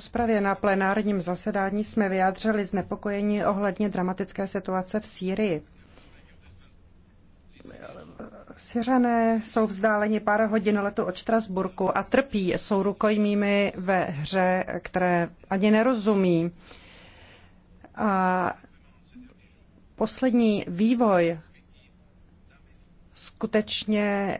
rozpravě na plenárním zasedání jsme vyjádřili znepokojení ohledně dramatické situace v Sýrii. Syřané jsou vzdáleni pár hodin letu od Štrasburku a trpí, jsou rukojmími ve hře, které ani nerozumí. A poslední vývoj skutečně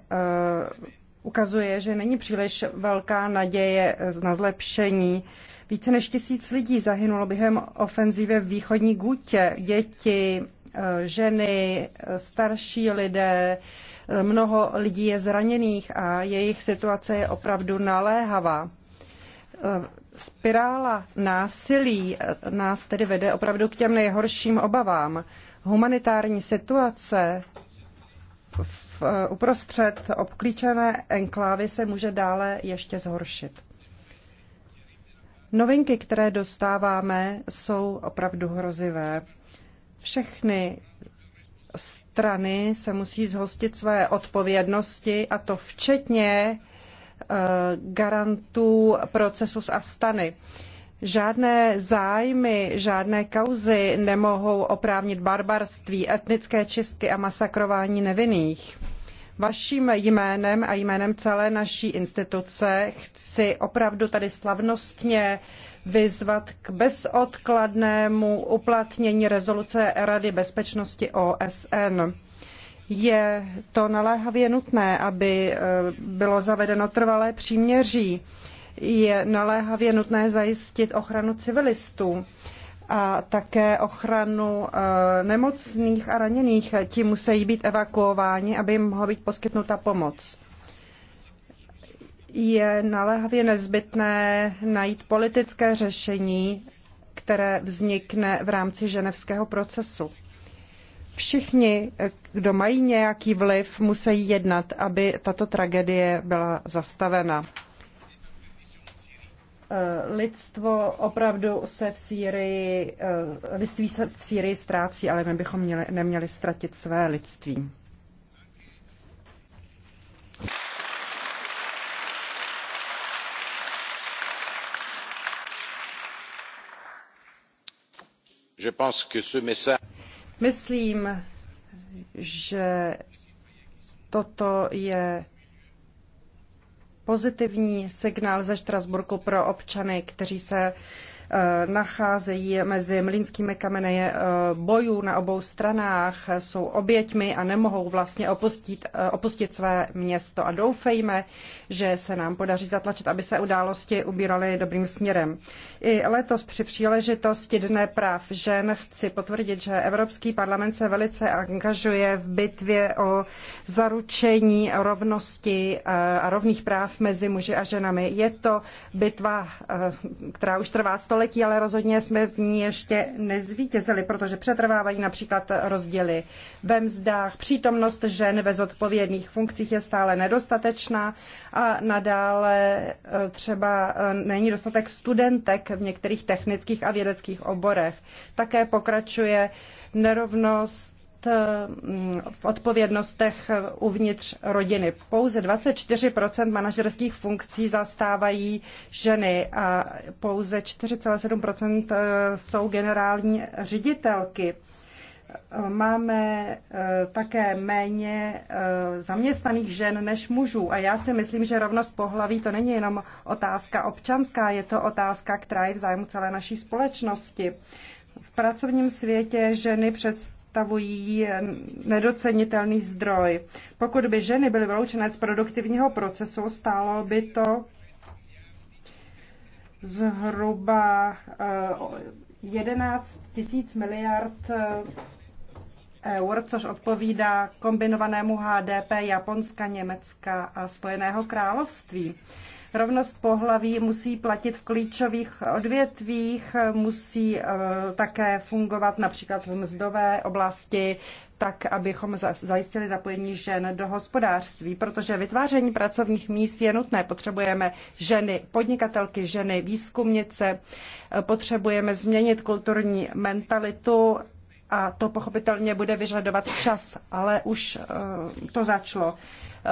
uh, ukazuje, že není příliš velká naděje na zlepšení. Více než tisíc lidí zahynulo během ofenzívy v východní Gutě. Děti, eh, ženy, eh, starší lidé, eh, mnoho lidí je zraněných a jejich situace je opravdu naléhavá. Spirála násilí nás tedy vede opravdu k těm nejhorším obavám. Humanitární situace v, eh, uprostřed obklíčené enklávy se může dále ještě zhoršit. Novinky, které dostáváme, jsou opravdu hrozivé. Všechny strany se musí zhostit své odpovědnosti, a to včetně eh, garantů procesu z Astany. Žádné zájmy, žádné kauzy nemohou oprávnit barbarství, etnické čistky a masakrování nevinných. Vaším jménem a jménem celé naší instituce chci opravdu tady slavnostně vyzvat k bezodkladnému uplatnění rezoluce Rady bezpečnosti OSN. Je to naléhavě nutné, aby eh, bylo zavedeno trvalé příměří je naléhavě nutné zajistit ochranu civilistů a také ochranu eh, nemocných a raněných. Ti musí být evakuováni, aby jim mohla být poskytnuta pomoc. Je naléhavě nezbytné najít politické řešení, které vznikne v rámci ženevského procesu. Všichni, kdo mají nějaký vliv, musí jednat, aby tato tragédie byla zastavena. Eh, lidstvo opravdu se v Sýrii, eh, lidství se v Sýrii ztrácí, ale my bychom měli, neměli ztratit své lidství. Myslím, že toto je pozitivní signál ze Štrasburku pro občany, kteří se Eh, nacházejí mezi mlínskými kameny eh, bojů na obou stranách, jsou oběťmi a nemohou vlastně opustit, eh, opustit své město. A doufejme, že se nám podaří zatlačit, aby se události ubíraly dobrým směrem. I letos při příležitosti Dne práv žen chci potvrdit, že Evropský parlament se velice angažuje v bitvě o zaručení rovnosti a rovných práv mezi muži a ženami. Je to bitva, která už trvá 100 století, ale rozhodně jsme v ní ještě nezvítězili, protože přetrvávají například rozdíly ve mzdách, přítomnost žen ve zodpovědných funkcích je stále nedostatečná a nadále eh, třeba eh, není dostatek studentek v některých technických a vědeckých oborech. Také pokračuje nerovnost Eh, v odpovědnostech uvnitř rodiny. Pouze 24 manažerských funkcí zastávají ženy a pouze 4,7 eh, jsou generální ředitelky. Máme eh, také méně zaměstnaných žen než mužů. A já si myslím, že rovnost pohlaví to není jenom otázka občanská, je to otázka, která je v zájmu celé naší společnosti. V pracovním světě ženy představují představují nedocenitelný zdroj. Pokud by ženy byly vyloučené z produktivního procesu, stálo by to zhruba 11 eh, tisíc miliard eh, eur, což odpovídá kombinovanému HDP Japonska, Německa a Spojeného království. Rovnost pohlaví musí platit v klíčových odvětvích, musí eh, také fungovat například v mzdové oblasti, tak, abychom zajistili zapojení žen do hospodářství, protože vytváření pracovních míst je nutné. Potřebujeme ženy podnikatelky, ženy výzkumnice, eh, potřebujeme změnit kulturní mentalitu a to pochopitelně bude vyžadovat čas, ale už eh, to začalo eh,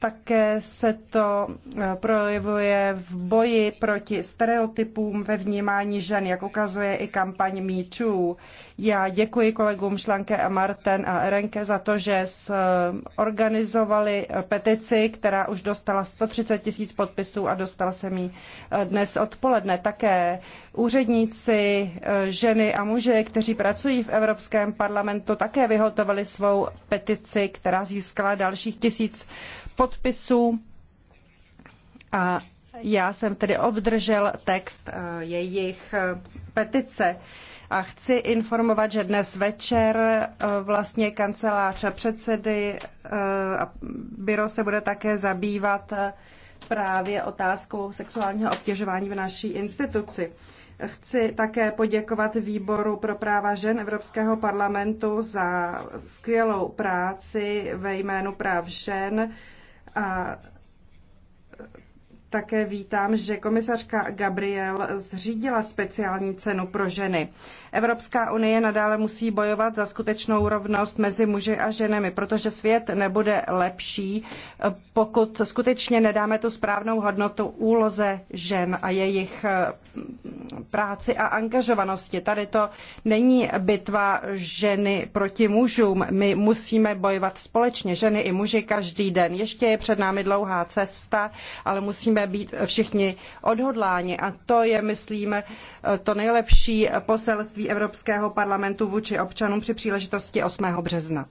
také se to eh, projevuje v boji proti stereotypům ve vnímání žen, jak ukazuje i kampaň míčů. Já děkuji kolegům Šlanke a Marten a Renke za to, že eh, organizovali eh, petici, která už dostala 130 tisíc podpisů a dostala se mi dnes odpoledne. Také úředníci, ženy a muži, kteří pracují v Evropském parlamentu, také vyhotovili svou petici, která získala dalších tisíc podpisů a já jsem tedy obdržel text eh, jejich eh, petice. A chci informovat, že dnes večer eh, vlastně kancelář předsedy a byro se bude také zabývat právě otázkou sexuálního obtěžování v naší instituci. Chci také poděkovat Výboru pro práva žen Evropského parlamentu za skvělou práci ve jménu práv žen a e, také vítám, že komisařka Gabriel zřídila speciální cenu pro ženy. Evropská unie nadále musí bojovat za skutečnou rovnost mezi muži a ženami, protože svět nebude lepší, e, pokud skutečně nedáme tu správnou hodnotu úloze žen a jejich e, práci a angažovanosti. Tady to není bitva ženy proti mužům. My musíme bojovat společně, ženy i muži, každý den. Ještě je před námi dlouhá cesta, ale musíme být všichni odhodláni. A to je, myslím, to nejlepší poselství Evropského parlamentu vůči občanům při příležitosti 8. března.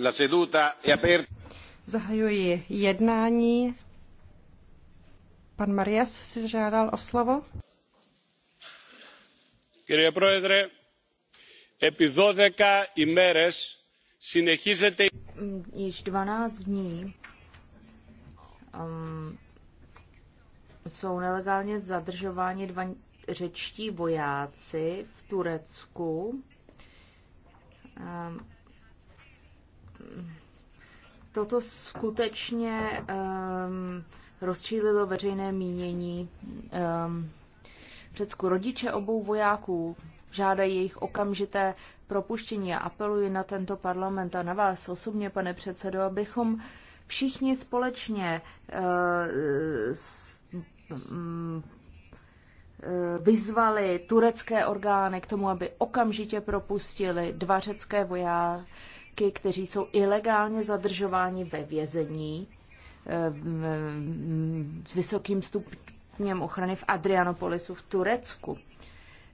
La seduta è aperta. Zahajuji jednání. Pan Marias si žádal o slovo. Κύριε Πρόεδρε, επί 12 ημέρες συνεχίζεται... Hm, již 12 dní um, jsou nelegálně zadržováni dva řečtí vojáci v Turecku. Um, toto skutečně um, rozčílilo veřejné mínění. Um, ehm, v Řecku rodiče obou vojáků žádají jejich okamžité propuštění a apeluji na tento parlament a na vás osobně, pane předsedo, abychom všichni společně eh, mm, eh, vyzvali turecké orgány k tomu, aby okamžitě propustili dva řecké vojáky kteří jsou ilegálně zadržováni ve vězení eh, s vysokým stupněm ochrany v Adrianopolisu v Turecku.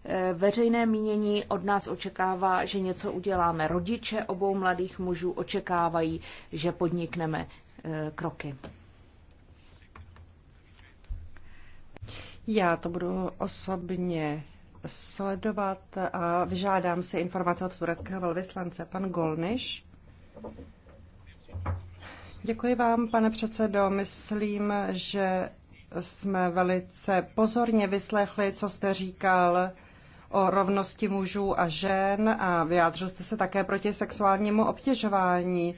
Eh, veřejné mínění od nás očekává, že něco uděláme. Rodiče obou mladých mužů očekávají, že podnikneme eh, kroky. Já to budu osobně sledovat a vyžádám si informace od tureckého velvyslance. Pan Golniš. Děkuji vám, pane předsedo. Myslím, že jsme velice pozorně vyslechli, co jste říkal o rovnosti mužů a žen a vyjádřil jste se také proti sexuálnímu obtěžování.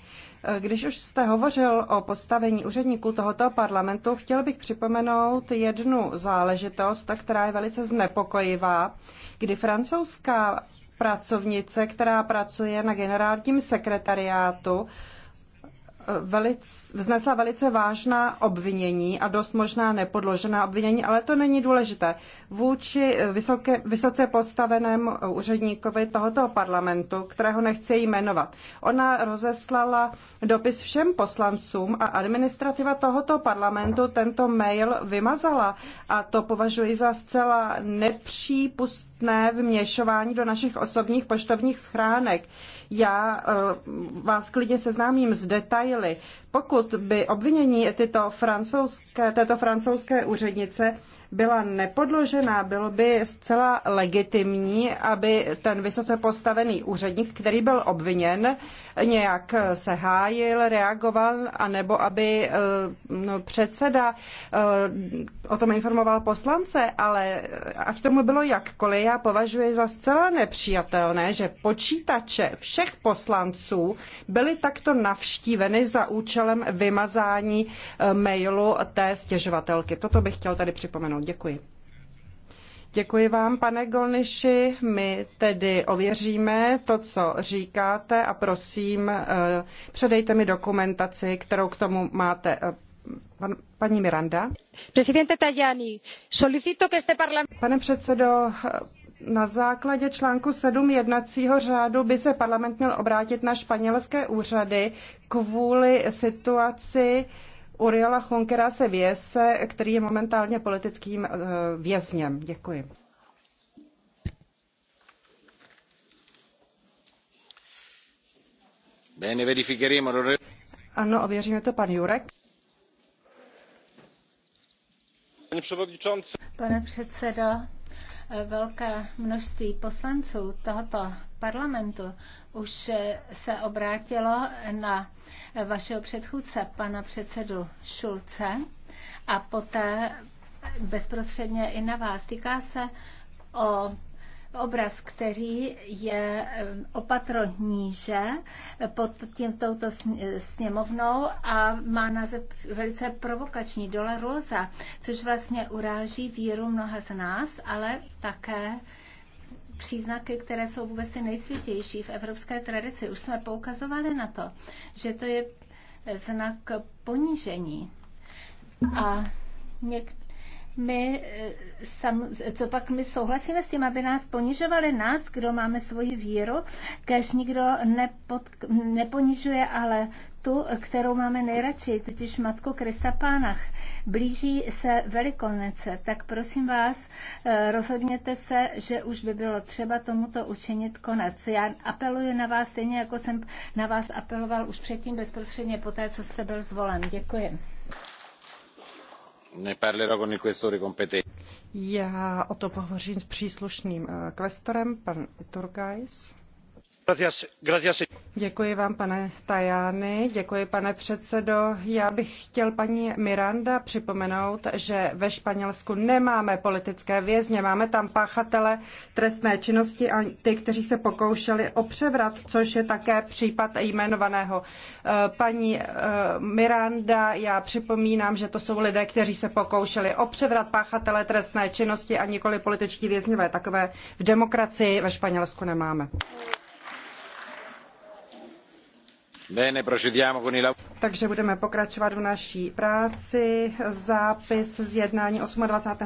E, když už jste hovořil o postavení úředníků tohoto parlamentu, chtěl bych připomenout jednu záležitost, která je velice znepokojivá, kdy francouzská pracovnice, která pracuje na generálním sekretariátu, velic, vznesla velice vážná obvinění a dost možná nepodložená obvinění, ale to není důležité. Vůči vysoké, vysoce postavenému úředníkovi tohoto parlamentu, kterého nechci jmenovat. Ona rozeslala dopis všem poslancům a administrativa tohoto parlamentu tento mail vymazala a to považuji za zcela nepřípustné nutné vměšování do našich osobních poštovních schránek. Já eh, vás klidně seznámím s detaily pokud by obvinění tyto francouzské, této francouzské úřednice byla nepodložená, bylo by zcela legitimní, aby ten vysoce postavený úředník, který byl obviněn, nějak se hájil, reagoval, anebo aby eh, no, předseda eh, o tom informoval poslance, ale ať tomu bylo jakkoliv, já považuji za zcela nepřijatelné, že počítače všech poslanců byly takto navštíveny za účel účelem vymazání eh, mailu té stěžovatelky. Toto bych chtěl tady připomenout. Děkuji. Děkuji vám, pane Golniši. My tedy ověříme to, co říkáte a prosím, eh, předejte mi dokumentaci, kterou k tomu máte. Eh, pan, paní Miranda. Tajani, solicito que este parlamento. Pane předsedo, na základě článku 7 jednacího řádu by se parlament měl obrátit na španělské úřady kvůli situaci Uriela Junquerase Viese, který je momentálně politickým eh, vězněm. Děkuji. Ano, ověříme to pan Jurek. Pane předsedo, velké množství poslanců tohoto parlamentu už se obrátilo na vašeho předchůdce, pana předsedu Šulce, a poté bezprostředně i na vás. Týká se o obraz, který je opatro níže pod tím, touto sněmovnou a má název velice provokační Dola Rosa, což vlastně uráží víru mnoha z nás, ale také příznaky, které jsou vůbec ty nejsvětější v evropské tradici. Už jsme poukazovali na to, že to je eh, znak ponížení. A někdy my, eh, sam, co pak my souhlasíme s tím, aby nás ponižovali nás, kdo máme svoji víru, kež nikdo nepod, neponižuje, ale tu, kterou máme nejradši, totiž Matku Krista Pánach. Blíží se velikonece, tak prosím vás, eh, rozhodněte se, že už by bylo třeba tomuto učinit konec. Já apeluji na vás stejně, jako jsem na vás apeloval už předtím bezprostředně po té, co jste byl zvolen. Děkuji. Já o tom hovořím s příslušným eh, kvestorem, pan Iturgais. Děkuji vám, pane Tajani, děkuji, pane předsedo. Já bych chtěl paní Miranda připomenout, že ve Španělsku nemáme politické vězně, máme tam páchatele trestné činnosti a ty, kteří se pokoušeli o převrat, což je také případ jmenovaného. Eh, paní eh, Miranda, já připomínám, že to jsou lidé, kteří se pokoušeli o převrat páchatele trestné činnosti a nikoli političtí vězňové. Takové v demokracii ve Španělsku nemáme. Takže budeme pokračovat v naší práci. Zápis z jednání 28.